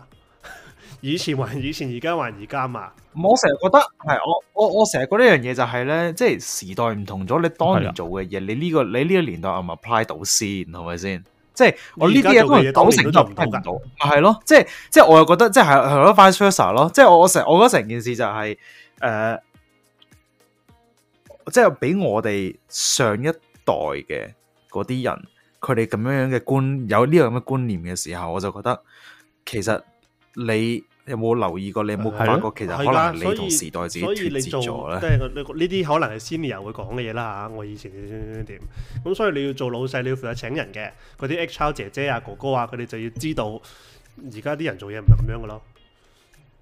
以前還以前，而家還而家嘛？我成日覺得係我我我成日覺得一樣嘢就係咧，即係時代唔同咗，你當年做嘅嘢，你呢個你呢個年代係咪 apply 到先？係咪先？即係我呢啲嘢都係九成都 apply 唔到，係咯？即係即係我又覺得即係係咯 vice versa 咯，即係我我成我嗰成件事就係誒，即係俾我哋上一。代嘅嗰啲人，佢哋咁樣樣嘅觀有呢個咁嘅觀念嘅時候，我就覺得其實你有冇留意過？你有冇發覺？其實可能你同時代自己脫節咗咧。即係呢啲可能係 senior 會講嘅嘢啦吓。我以前點，咁所以你要做老細，你要負責請人嘅，嗰啲 HR 姐姐啊、哥哥啊，佢哋就要知道而家啲人做嘢唔係咁樣嘅咯，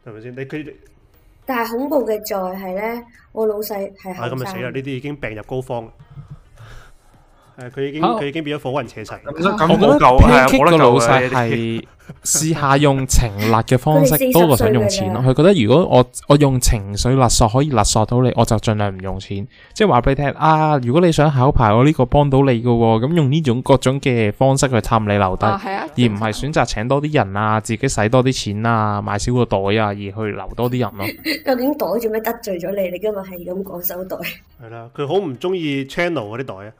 係咪先？你佢，但係恐怖嘅在係咧，我老細係啊，咁就死啦！呢啲已經病入膏肓。係佢已經佢，啊、已經變咗火雲邪神。啊、我覺得 kick 個老細係試下用情勒嘅方式，多過想用錢咯。佢覺得如果我我用情緒勒索可以勒索到你，我就盡量唔用錢。即係話俾你聽啊！如果你想考牌，我呢個幫到你噶。咁、啊、用呢種各種嘅方式去探你留低，啊啊、而唔係選擇請多啲人啊，自己使多啲錢啊，買少個袋啊，而去留多啲人咯，啊。究竟袋做咩得罪咗你？你今日係咁講收袋。係啦，佢好唔中意 channel 嗰啲袋啊。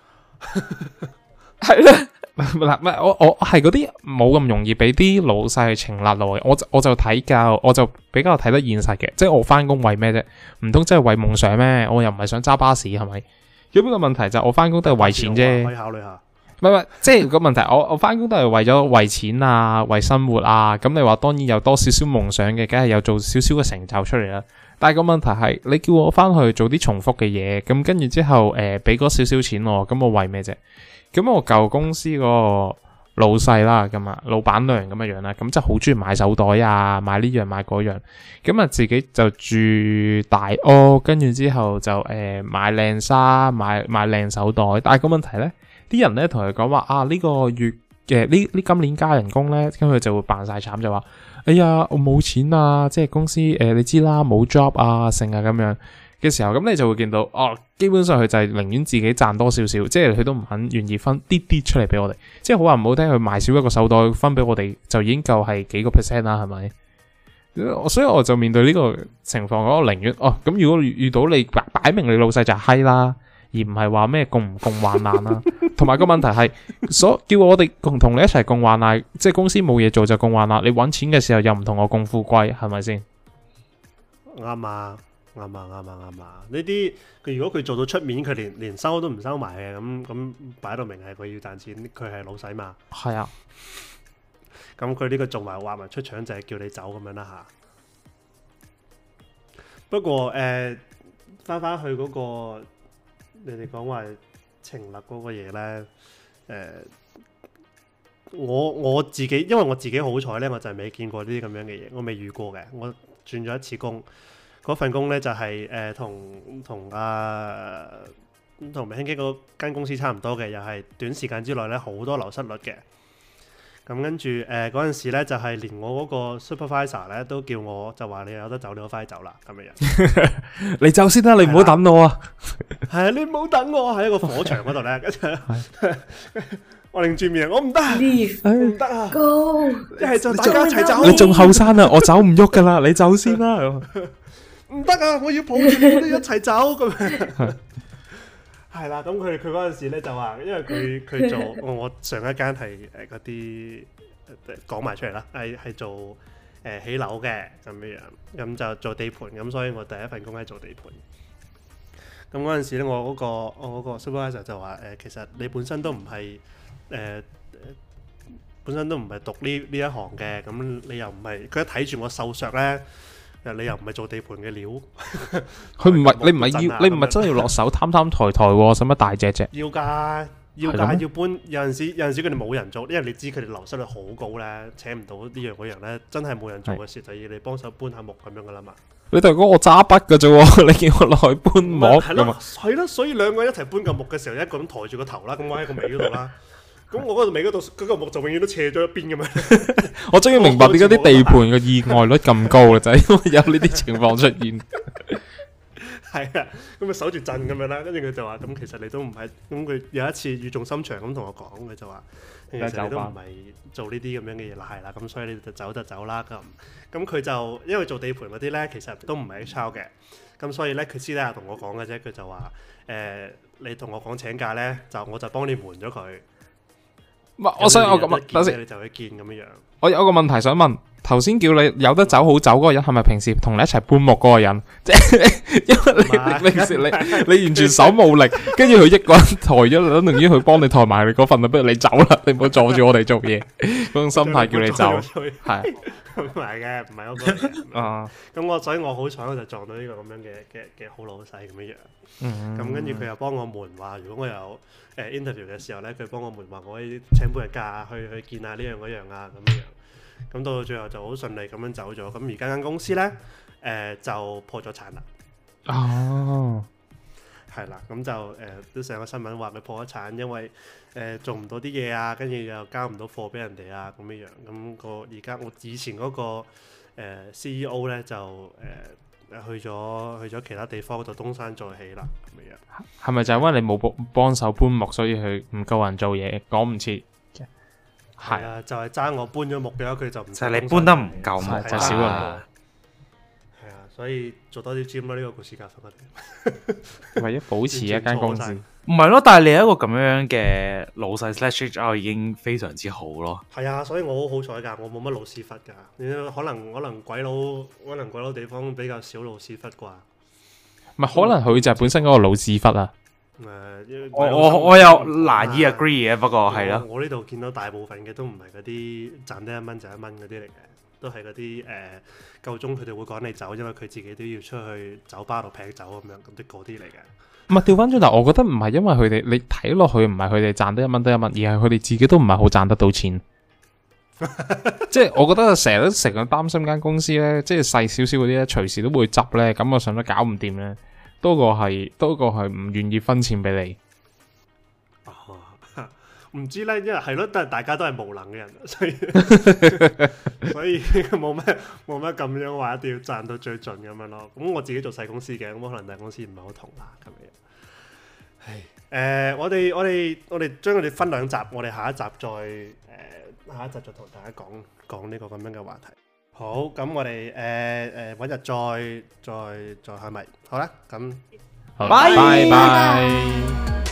係啦，嗱， 唔係我我係嗰啲冇咁容易俾啲老細情勒來，我就我就睇教，我就比較睇得現實嘅，即係我翻工為咩啫？唔通真係為夢想咩？我又唔係想揸巴士係咪？有邊個問題就係我翻工都係為錢啫，可以考慮下。唔係唔係，即係、個問題，我我翻工都係為咗為錢啊，為生活啊。咁你話當然有多少少夢想嘅，梗係有做少少嘅成就出嚟啦。但係個問題係，你叫我翻去做啲重複嘅嘢，咁跟住之後，誒，俾嗰少少錢，咁我為咩啫？咁我舊公司個老細啦，咁啊老闆娘咁嘅樣啦，咁真係好中意買手袋啊，買呢樣買嗰樣，咁啊自己就住大屋，跟住之後就誒買靚衫，買買靚手袋。但係個問題咧，啲人咧同佢講話啊呢個月。呢今年加人工呢，咁佢就會扮晒慘，就話：哎呀，我冇錢啊！即係公司誒、呃，你知啦，冇 job 啊，剩啊咁樣嘅時候，咁你就會見到哦。基本上佢就係寧願自己賺多少少，即係佢都唔肯願意分啲啲出嚟俾我哋。即係好話唔好聽，佢買少一個手袋分俾我哋，就已經夠係幾個 percent 啦，係咪？所以我就面對呢個情況，我寧願哦。咁如果遇到你擺明你老細就閪啦，而唔係話咩共唔共患難啦。 同埋個問題係，所叫我哋共同你一齊共患難，即係公司冇嘢做就共患難。你搵錢嘅時候又唔同我共富貴，係咪先？啱啊，啱啊，啱啊，啱啊！呢啲佢如果佢做到出面，佢連連收都唔收埋嘅，咁咁擺到明係佢要賺錢，佢係老細嘛。係啊。咁佢呢個做埋畫埋出腸就係叫你走咁樣啦吓。不過誒，翻翻去嗰個，你哋講話。情立嗰個嘢呢，誒、呃，我我自己，因為我自己好彩呢，我就係未見過呢啲咁樣嘅嘢，我未遇過嘅。我轉咗一次工，嗰份工呢，就係、是、誒、呃、同同阿、啊、同明興基嗰間公司差唔多嘅，又係短時間之內呢，好多流失率嘅。咁跟住，誒嗰陣時咧，就係、是、連我嗰個 supervisor 咧都叫我就話：你有得走，你快走啦！咁嘅人，你走先啦，你唔好等我。啊！係啊，你唔好等我喺一個火場嗰度咧。 我擰住面，我唔得，唔得啊！高 Please,、啊！一係 go, 就大家一齊走，啊。你仲後生啊，我走唔喐噶啦，你走先、啊，啦。唔得 啊，我要抱住你都一齊走咁、啊、樣。 係啦，咁佢佢嗰陣時咧就話，因為佢佢做 我上一間係誒嗰啲講埋出嚟啦，係係做誒、呃、起樓嘅咁樣，咁、嗯、就做地盤，咁、嗯、所以我第一份工係做地盤。咁嗰陣時咧，我嗰個、嗰個我嗰個 supervisor 就話誒、呃，其實你本身都唔係誒，本身都唔係讀呢呢一行嘅，咁、嗯、你又唔係佢一睇住我瘦削咧。你又唔係做地盤嘅料，佢唔係你唔係要，你唔係真係要落手攤攤抬抬喎，使乜大隻隻？要噶要噶的要搬，有陣時有陣時佢哋冇人做，因為你知佢哋流失率好高咧，請唔到呢樣嘅人咧，真係冇人做嘅時是就要你幫手搬下木咁樣噶啦嘛。你頭先講我揸筆嘅啫，你叫我落去搬木咁啊？係咯樣，所以兩個人一齊搬嚿木嘅時候，一個咁抬住個頭啦，咁我喺個尾度啦。 咁我嗰度尾嗰度嗰個木、嗰個、木就永遠都斜咗一邊咁樣。 我終於明白點解啲地盤嘅意外率咁高啦，就係因為有呢啲情況出現。係 啊，咁啊守住陣咁樣啦，跟住佢就話咁，其實你都唔係咁。佢有一次語重心長咁同我講佢就話，其實都唔係做呢啲咁樣嘅嘢啦，係啦。咁所以你就走就走啦咁。咁佢就因為做地盤嗰啲咧，其實都唔係抄嘅。咁所以咧，佢私底下同我講嘅啫，佢就話誒、呃，你同我講請假咧，就我就幫你瞞咗佢。唔，我想我咁啊，等先。你就一件咁樣樣。我有個問題想問，頭先叫你有得走好走嗰個人，係咪平時同你一齊搬屋嗰個人？即係因為你平時你你完全手冇力，跟住佢一個人抬咗，等於佢幫你抬埋你嗰份，不如你走啦，你唔好阻住我哋做嘢。嗰種心態叫你走，係。唔係嘅，唔係嗰個咁，我所以我好彩我就撞到呢個咁樣嘅嘅嘅好老細咁樣樣。咁跟住佢又幫我瞞話，嗯、如果我有誒 interview 嘅時候咧，佢幫我瞞話我可以請半日假去去見下、啊、呢樣嗰樣啊咁樣。咁到最後就好順利咁樣走咗。咁而家間公司咧誒、呃、就破咗產啦。哦。係啦，咁就誒、呃、都上個新聞話佢破咗產，因為誒、呃、做唔到啲嘢啊，跟住又交唔到貨俾人哋啊，咁樣這樣。咁、那個而家我以前嗰、那個、呃、CEO 咧就誒、呃、去咗去咗其他地方嗰度東山再起啦。咁樣係咪就係因為你冇幫手搬木，所以佢唔夠人做嘢，講唔切？係啊，就係爭我搬咗木嘅，佢就唔使。就係你搬得唔夠嘛，啊、就少人、啊啊所以做多啲 jam 啦，呢、呢個故事格忽忽點？為咗 保持一間公司，唔係咯，但係你係一個咁樣嘅老細 slash HR 已經非常之好咯。係啊，所以我好好彩㗎，我冇乜老屎忽㗎。你可能可能鬼佬可能鬼佬地方比較少老屎忽啩。唔係不，嗯、可能佢就係本身嗰個老屎忽啊。誒，我我我又難以 agree 嘅，啊、不過係咯。啊、我呢度見到大部分嘅都唔係嗰啲賺得一蚊就一蚊嗰啲嚟嘅。都係嗰啲，誒，夠鐘佢哋會趕你走，因為佢自己都要出去酒吧度劈酒咁樣，咁啲嗰啲嚟嘅。唔係調翻轉頭，我覺得唔係因為佢哋，你睇落去唔係佢哋賺得一蚊得一蚊，而係佢哋自己都唔係好賺得到錢。 即係我覺得成日都成日擔心間公司咧，即係細少少嗰啲咧，隨時都會執咧，咁我想都搞唔掂咧。多過係多過係唔願意分錢俾你。唔知咧，因為係咯，但係大家都係無能嘅人，所以 所以冇咩冇咩咁樣話一定要賺到最盡咁樣咯。咁我自己做細公司嘅，咁可能大公司唔係好同啦咁樣。唉，誒、呃，我哋我哋我哋將佢哋分兩集，我哋下一集再誒、呃，下一集再同大家講講呢個咁樣嘅話題。好，咁我哋誒誒搵日再再再係咪？好啦，咁拜拜拜。